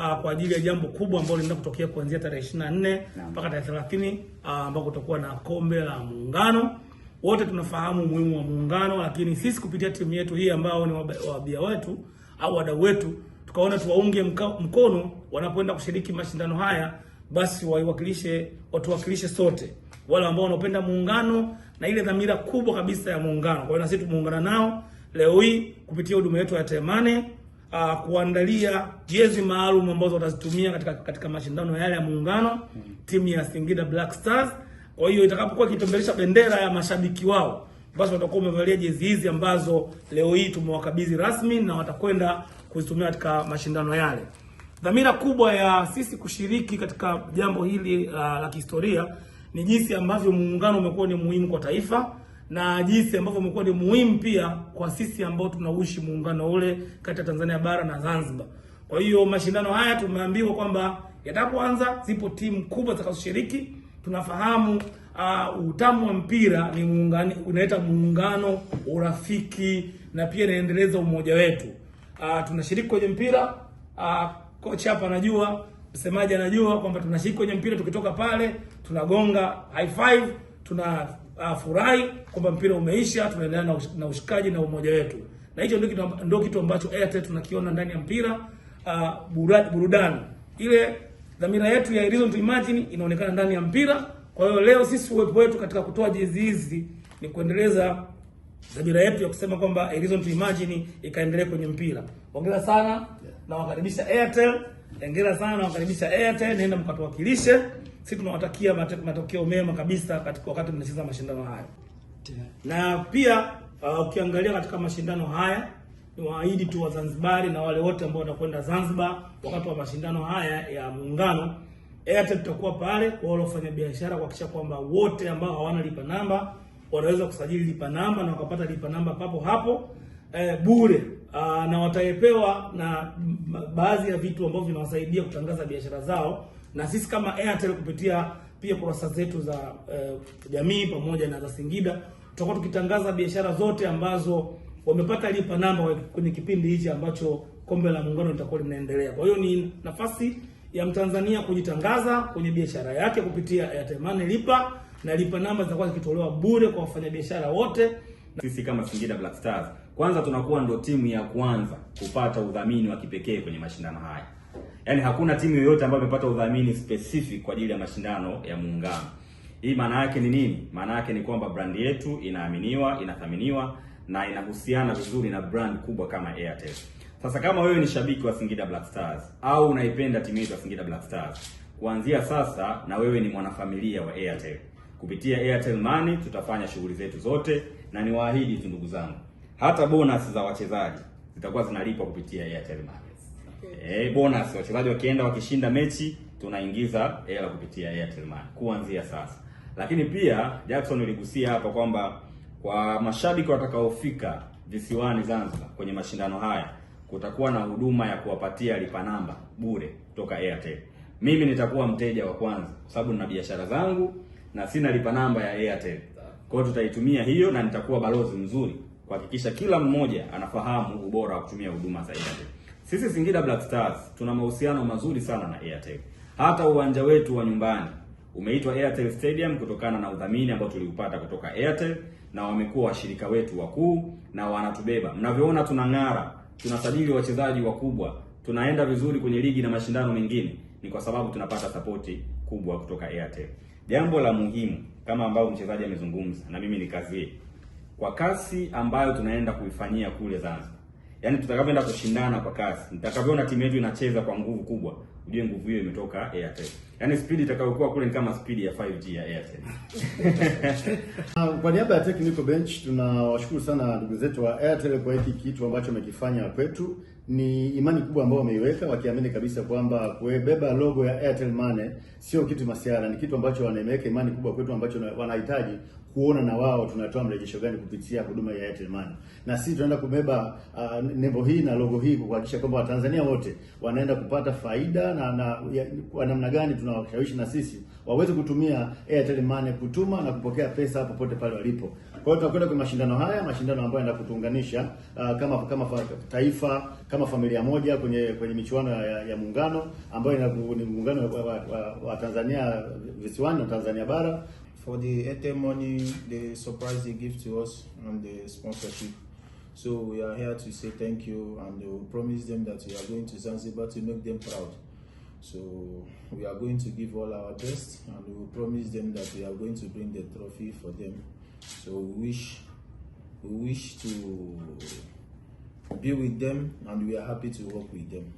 uh, kwa ajili ya jambo kubwa ambalo linaenda kutokea kuanzia tarehe 24 mpaka tarehe 30 uh, ambao kutakuwa na kombe la muungano. Wote tunafahamu umuhimu wa muungano, lakini sisi kupitia timu yetu hii ambao ni wabia wetu au wadau wetu, tukaona tuwaunge mkono wanapoenda kushiriki mashindano haya, basi waiwakilishe, watuwakilishe sote, wale ambao wanapenda muungano na ile dhamira kubwa kabisa ya muungano. Kwa hiyo na sisi tumeungana nao leo hii kupitia huduma yetu ya Temane uh, kuandalia jezi maalum ambazo watazitumia katika, katika mashindano yale ya muungano timu ya Singida Black Stars. Kwa hiyo itakapokuwa ikipeperusha bendera ya mashabiki wao, basi watakuwa wamevalia jezi hizi ambazo leo hii tumewakabidhi rasmi na watakwenda kuzitumia katika mashindano yale. Dhamira kubwa ya sisi kushiriki katika jambo hili uh, la kihistoria ni jinsi ambavyo muungano umekuwa ni muhimu kwa taifa na jinsi ambavyo umekuwa ni muhimu pia kwa sisi ambao tunauishi muungano ule kati ya Tanzania bara na Zanzibar. Kwa hiyo mashindano haya tumeambiwa kwamba yatapoanza, zipo timu kubwa zitakazoshiriki. Tunafahamu uh, utamu wa mpira ni muungano, unaleta muungano, urafiki na pia inaendeleza umoja wetu. Uh, tunashiriki kwenye mpira uh, kocha hapa anajua, msemaji anajua kwamba tunashiriki kwenye mpira, tukitoka pale tunagonga high five, tuna afurahi ah, kwamba mpira umeisha, tunaendelea na, ushikaji na umoja wetu, na hicho ndio kitu ambacho Airtel tunakiona ndani ya mpira uh, burudani ile dhamira yetu ya Reason to Imagine inaonekana ndani ya mpira. Kwa hiyo leo sisi uwepo wetu katika kutoa jezi hizi ni kuendeleza dhamira yetu ya kusema kwamba Reason to Imagine ikaendelee kwenye mpira. Hongera sana na wakaribisha Airtel. Hongera sana, wakaribisha Airtel, nenda mkatuwakilishe. Sisi tunawatakia matokeo mema kabisa katika wakati mnacheza mashindano haya. Na pia uh, ukiangalia katika mashindano haya niwaahidi tu Wazanzibari na wale wote ambao watakwenda Zanzibar wakati wa mashindano haya ya Muungano, Airtel tutakuwa pale kwa wale wafanya biashara kuhakikisha kwamba wote ambao hawana lipa namba wanaweza kusajili lipa namba na wakapata lipa namba papo hapo eh, bure aa, ah, na wataepewa na baadhi ya vitu ambavyo vinawasaidia kutangaza biashara zao, na sisi kama Airtel kupitia pia kurasa zetu za eh, jamii pamoja na za Singida tutakuwa tukitangaza biashara zote ambazo wamepata lipa namba kwenye kipindi hichi ambacho kombe la muungano litakuwa linaendelea. Kwa hiyo ni nafasi ya Mtanzania kujitangaza kwenye biashara yake kupitia Airtel Money lipa na lipa namba zitakuwa zikitolewa bure kwa wafanyabiashara wote. Sisi kama Singida Black Stars kwanza tunakuwa ndo timu ya kwanza kupata udhamini wa kipekee kwenye mashindano haya. Yaani hakuna timu yoyote ambayo imepata udhamini specific kwa ajili ya mashindano ya Muungano. Hii maana yake ni nini? Maana yake ni kwamba brand yetu inaaminiwa, inathaminiwa na inahusiana vizuri na brand kubwa kama Airtel. Sasa kama wewe ni shabiki wa Singida Black Stars au unaipenda timu yetu ya Singida Black Stars, kuanzia sasa na wewe ni mwanafamilia wa Airtel. Kupitia Airtel Money tutafanya shughuli zetu zote na niwaahidi tu ndugu zangu, hata bonus za wachezaji zitakuwa zinalipwa kupitia Airtel Money. Okay. E, bonus wachezaji wakienda wakishinda mechi tunaingiza hela kupitia Airtel Money kuanzia sasa. Lakini pia Jackson uligusia hapa kwamba kwa mashabiki watakaofika visiwani Zanzibar kwenye mashindano haya kutakuwa na huduma ya kuwapatia lipa namba bure kutoka Airtel. Mimi nitakuwa mteja wa kwanza kwa sababu nina biashara zangu na sina lipa namba ya Airtel. Kwa hiyo tutaitumia hiyo na nitakuwa balozi mzuri kuhakikisha kila mmoja anafahamu ubora wa kutumia huduma za Airtel. Sisi Singida Black Stars tuna mahusiano mazuri sana na Airtel. Hata uwanja wetu wa nyumbani umeitwa Airtel Stadium kutokana na udhamini ambao tuliupata kutoka Airtel na wamekuwa washirika wetu wakuu na wanatubeba. Mnavyoona tunang'ara, tunasajili wachezaji wakubwa, tunaenda vizuri kwenye ligi na mashindano mengine, ni kwa sababu tunapata sapoti kubwa kutoka Airtel. Jambo la muhimu kama ambavyo mchezaji amezungumza na mimi nikazie, kwa kasi ambayo tunaenda kuifanyia kule Zanzibar, yaani tutakapoenda kushindana kwa kasi, nitakavyoona timu yetu inacheza kwa nguvu kubwa, ujue nguvu hiyo imetoka Airtel. Yaani spidi itakayokuwa kule ni kama spidi ya 5G ya Airtel. Kwa niaba ya Technical Bench tunawashukuru sana ndugu zetu wa Airtel kwa hiki kitu ambacho wamekifanya kwetu ni imani kubwa ambayo wameiweka wakiamini kabisa kwamba kubeba logo ya Airtel Money sio kitu masiara, ni kitu ambacho wanaimeweka imani kubwa kwetu ambacho wanahitaji kuona na wao tunatoa mrejesho gani kupitia huduma ya Airtel Money, na sisi tunaenda kubeba uh, nembo hii na logo hii kuhakikisha kwamba Watanzania wote wanaenda kupata faida na, na ya, kwa namna gani tunawashawishi na sisi waweze kutumia Airtel Money kutuma na kupokea pesa popote pale walipo. Kwa hiyo tutakwenda kwa mashindano haya, mashindano ambayo yanaenda kutuunganisha uh, kama kama taifa kama familia moja kwenye kwenye michuano ya, ya muungano ambayo ni muungano wa, wa, wa Tanzania visiwani na Tanzania bara for the ATM money, the surprise they give to us and the sponsorship. So we are here to say thank you and we promise them that we are going to Zanzibar to make them proud. So we are going to give all our best and we promise them that we are going to bring the trophy for them. So we wish, we wish to be with them and we are happy to work with them.